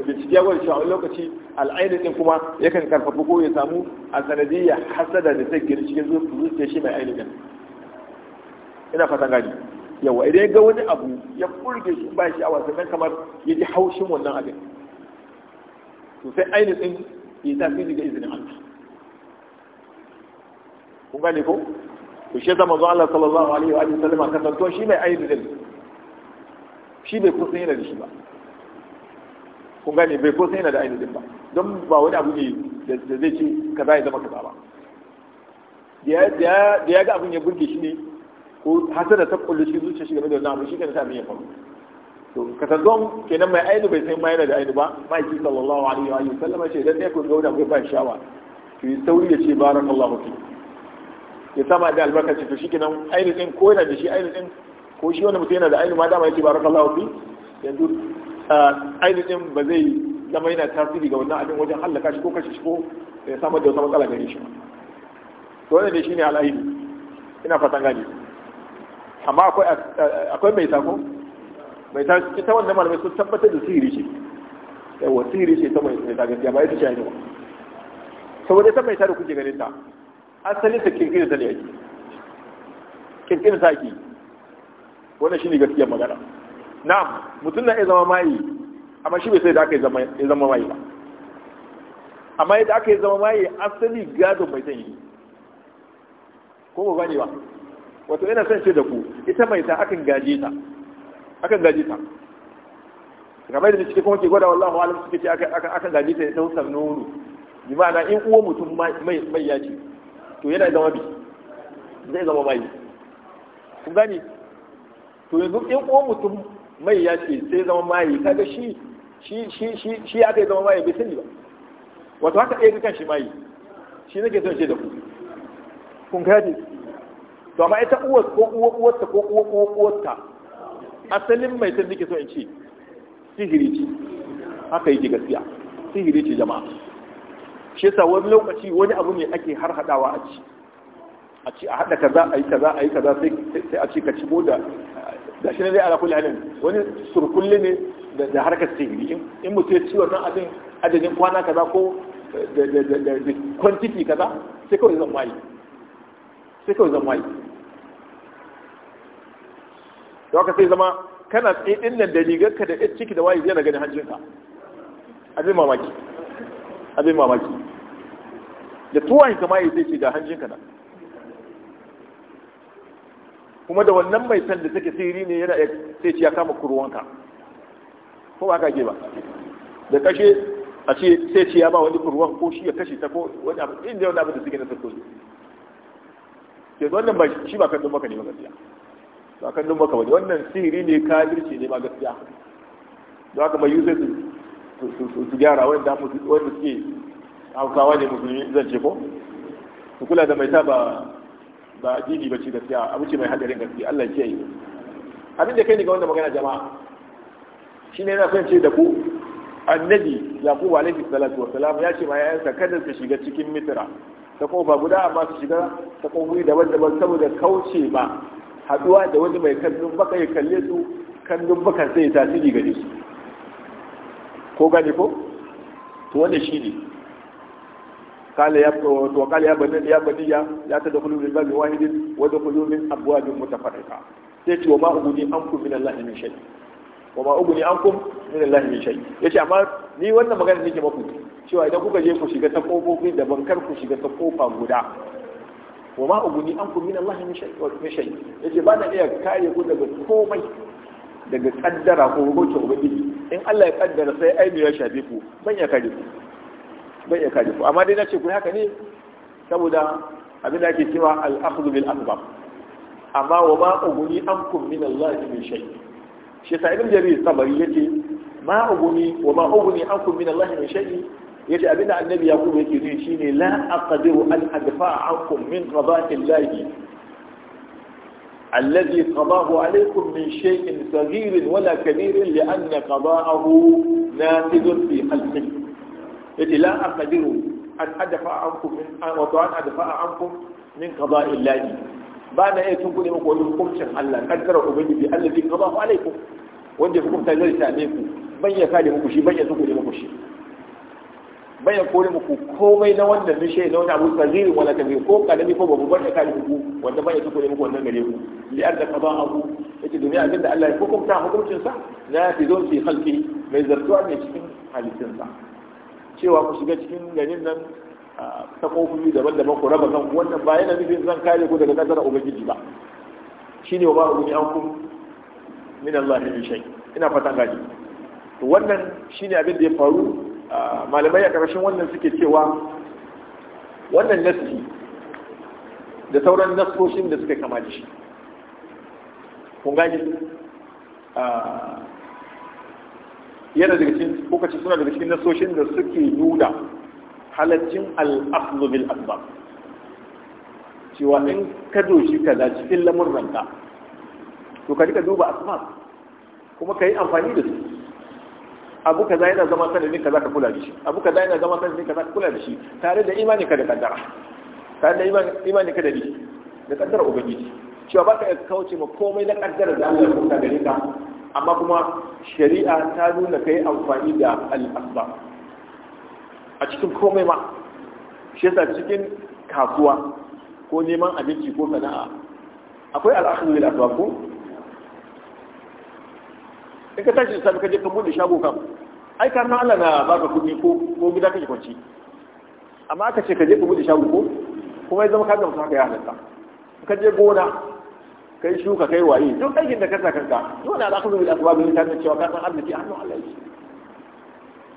da ya gwada cewa a wani lokaci al'ainu din kuma yakan karfafa ko ya samu a sanadiyya hasada da ta cikin zuciya shi mai ainihin ina fatan gani yawa idan ga wani abu ya furge shi ba shi wasu sannan kamar ya ji haushin wannan abin to sai ainihin ya tafi ga izinin Allah kun gane ko to shi zama zuwa Allah sallallahu alaihi wa sallama kasantuwa shi mai ainihin shi bai kusa yana da shi ba kun gane bai kusa yana da ainihin ba don ba wani abu ne da zai ce kaza ya zama kaza ba da ya ga abin ya burge shi ne ko hasada ta kullu shi zuciya shi game da wannan abu shi kan sa abin ya faru to katangon kenan mai aini bai san mai da aini ba ma'aiki sallallahu alaihi wa sallama shi dan ne ko gauna ku ba shawa to yi sauri ya ce barakallahu fi ya sama da albarka to shi kenan aini din ko yana da shi aini din ko shi wani mutum yana da aini ma dama yake barakallahu fi yanzu aini din ba zai zama yana tasiri ga wannan abin wajen hallaka shi ko kashe shi ko ya samar da wata matsala gare shi to wannan ne shine al'aini ina fatan gani amma akwai mai sako mai ta ita wanda malamai sun tabbatar da sihiri ce yawa sihiri ce ta mai ta gaskiya ba ita ce ainihin saboda ita mai ta da kuke ganin ta asali ta kirkira ta ne ake kirkira ta ake wannan shi ne gaskiyar magana na mutum na iya zama mayi amma shi bai sai da aka yi zama mayi ba amma yadda aka yi zama mayi asali gado mai zan yi ko ba ne ba wato ina son ce da ku ita mai ta akan gaje ta akan gaje ta kamar da cikin kuma ke gwada wallahu alam suke ce akan gaje ta ta husar nono bi ma'ana in uwa mutum mai ya ce to yana zama bi zai zama bai kun gani to yanzu in uwa mutum mai ya sai zama mai kaga shi shi shi shi shi aka zama mai bai sani ba wato haka ɗaya kan shi mai shi nake son ce da ku kun kaji to amma ita uwar ko uwar uwarta ko uwar uwar uwarta asalin mai san nake so in ce sihiri ce haka yake gaskiya sihiri ce jama'a shi yasa wani lokaci wani abu ne ake har hadawa a ci a ci a hada kaza yi kaza yi kaza sai sai a ci ka ci boda da shi ne dai ala kulli halin wani surkulle ne da harkar sihiri in mutum ya ci wannan abin adadin kwana kaza ko da kwantiti kaza sai kawai zan wayi sai kawai zama yi da waka sai zama kana tsidin nan da rigarka da yan ciki da wayi yana gani hancinka abin mamaki abin mamaki da tuwahin kama yi zai ce da hancinka na kuma da wannan mai san da take sirri ne yana sai ce ya kama kurwanka ko ba ka ke ba da kashe a ce sai ce ya ba wani kurwan ko shi ya kashe ta ko wani abu inda wani abu da suke na sarkozi sai wannan ba shi ba kallon maka ne ba gaskiya ba kallon maka ba wannan sihiri ne kafirci ne ba gaskiya don haka mai yusuf su gyara wanda wanda suke hausawa ne musulmi zan ce ko su kula da mai ta ba ba didi ba ce gaskiya abu ce mai hadarin gaskiya Allah ya yi abin da kai ne ga wannan magana jama'a ne yana son ce da ku annabi yaqubu alaihi salatu wassalam ya ce ma yansa kada su shiga cikin mitra ta kofa guda amma su shiga ta kofi daban-daban saboda kauce ba haduwa da wani mai kallon baka ya kalle su kallon baka sai tasiri gare su ko gane ko to wanda shi ne قال يا وقال يا ya يا بني min تدخلوا من باب واحد وادخلوا من ابواب متفرقه yace wa ma an ankum min Allah min shay wa ma an ankum min Allah min shay yace amma ni wannan magana nake muku cewa idan kuka je ku shiga ta kofofi da bankar ku shiga ta kofa guda wa ma uguni an kun min Allah min shay yace ba na iya kare ku daga komai daga kaddara ko hukuncin ubangiji in Allah ya kaddara sai aini ya shafe ku ban ya kare ku ban ya kare ku amma dai nace ku haka ne saboda abin da ake cewa al-akhdhu bil asbab amma wa ma uguni an kun min Allah min shay shi sai ibn jarir sabari yace ma uguni wa ma uguni an kun min Allah min shay yace abin da annabi yaqub yake nufi shine la aqdiru an adfa'a ankum min qada'i llahi الذي قضاه عليكم من شيء صغير ولا كبير لأن قضاءه نافذ في خلقه إذ لا أقدر أن أدفع عنكم من وطعن أدفع عنكم من قضاء الله بعد أن تكون يقولون شن الله قدره بني الذي قضاه عليكم وأن يكون تجري عليكم من يكاد أن من يتكون يمكشي bai ya kore muku komai na wannan shi na wani abu sagiri wala kabir ko kadami ko babu bane kai ku wanda bai ya kore muku wannan gare ku li an da qada abu yace duniya abinda Allah ya hukunta hukuncin sa la fi zon fi khalqi mai zartuwa ne cikin halittun sa cewa ku shiga cikin garin nan ta kofofi daban-daban ku raba kanku wannan ba yana nufin zan kare ku daga nazarar ubangiji ba shine wa ba ubangiji an min Allah min shay ina fatan gaji to wannan shine abin da ya faru malamai a ƙarshen wannan suke cewa wannan nassi da sauran nassoshin da suka kama shi kun gani yana daga cikin kokaci suna daga cikin nassoshin da suke nuna halaccin al'aflu bil asbab cewa in ka doshi ka da cikin lamurranka to ka rika duba asbab kuma ka yi amfani da su abu kaza yana zama sanadin kaza ka kula da shi abu kaza yana zama sanadin kaza ka kula da shi tare da imani ka da kaddara tare da imani ka da ni da kaddara ubangiji cewa ba ka kauce ma komai na kaddara da Allah ya kuka gare ka amma kuma shari'a ta nuna kai amfani da al'asba a cikin komai ma shi yasa cikin kasuwa ko neman abinci ko sana'a akwai al'akhir lil asbab ko in ka tashi sami safe ka je ka bude shago kan ai ka na Allah na baka kudi ko ko gida kake kwanci amma aka ce ka je ka bude shago ko kuma ya zama ka gamsu haka ya halatta ka je gona kai shuka kai waye duk aikin da ka sa kanka dole al'akulu bil da ne ta cewa ka san Allah ki Allah Allah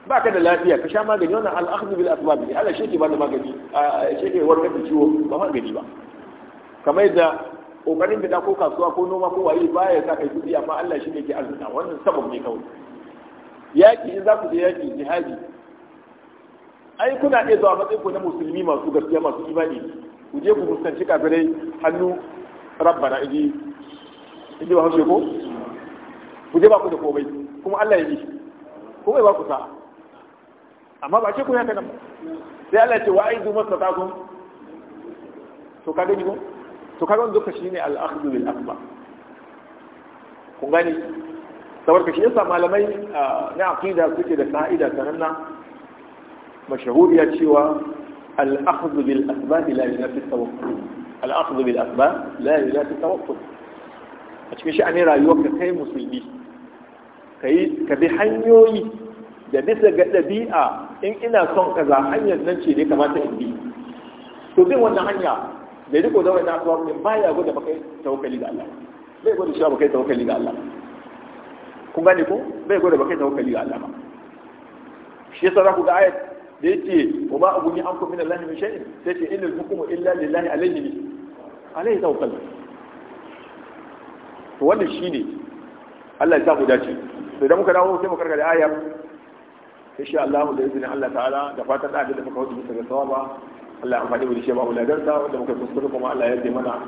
ba ka da lafiya ka sha magani wannan al'akhdhu bil asbab ne Allah shi ke ba da magani shi ke warkar da ciwo ba magani ba kamar da. kokarin da ko kasuwa ko noma ko waye baya sa kai kudi amma Allah shi ne ke arzuta wannan sabon ne kawai yaki in za ku je yaki jihadi ai kuna iya zuwa matsayin ku na musulmi masu gaskiya masu imani ku je ku musanci kafirai hannu rabbana idi idi ba haushe ko ku je ba ku da komai kuma Allah ya yi komai ba ku sa'a amma ba ce ku haka nan sai Allah ya ce wa aidu kun to ka gani ko to kaga wanda shi ne al'akhdhu bil akbar kun gani ka shi yasa malamai na aqida suke da ka'ida sananna mashahuriya cewa al'akhdhu bil asbab la yunafi tawakkul al'akhdhu bil asbab la yunafi tawakkul a cikin sha'anin rayuwar ka kai musulmi ka bi hanyoyi da bisa ga ɗabi'a in ina son kaza hanyar nan ce ne kamata in bi to bin wannan hanya da riko da wannan asbab din baya gode baka tawakkali ga Allah bai gode cewa baka tawakkali ga Allah kun gane ko bai gode baka tawakkali ga Allah ba shi yasa za ku ga ayat da yake wa ba abuni an ku min Allah min shay'in sai ce innal hukmu illa lillahi alayhi alayhi tawakkal to wannan shine Allah ya sa mu dace to idan muka dawo sai mu karkare ayat insha Allah da izinin Allah ta'ala da fatan da da muka hudu bisa ga sawaba Allah amfani da shi ba wulagarsa wanda muka kuskure kuma Allah ya mana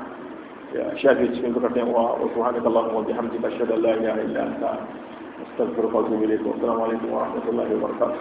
ya shafe cikin zukatan wa wa subhanakallahu wa bihamdika ashhadu an la da illa anta astaghfiruka wa atubu ilayk wa assalamu alaikum wa rahmatullahi wa barakatuh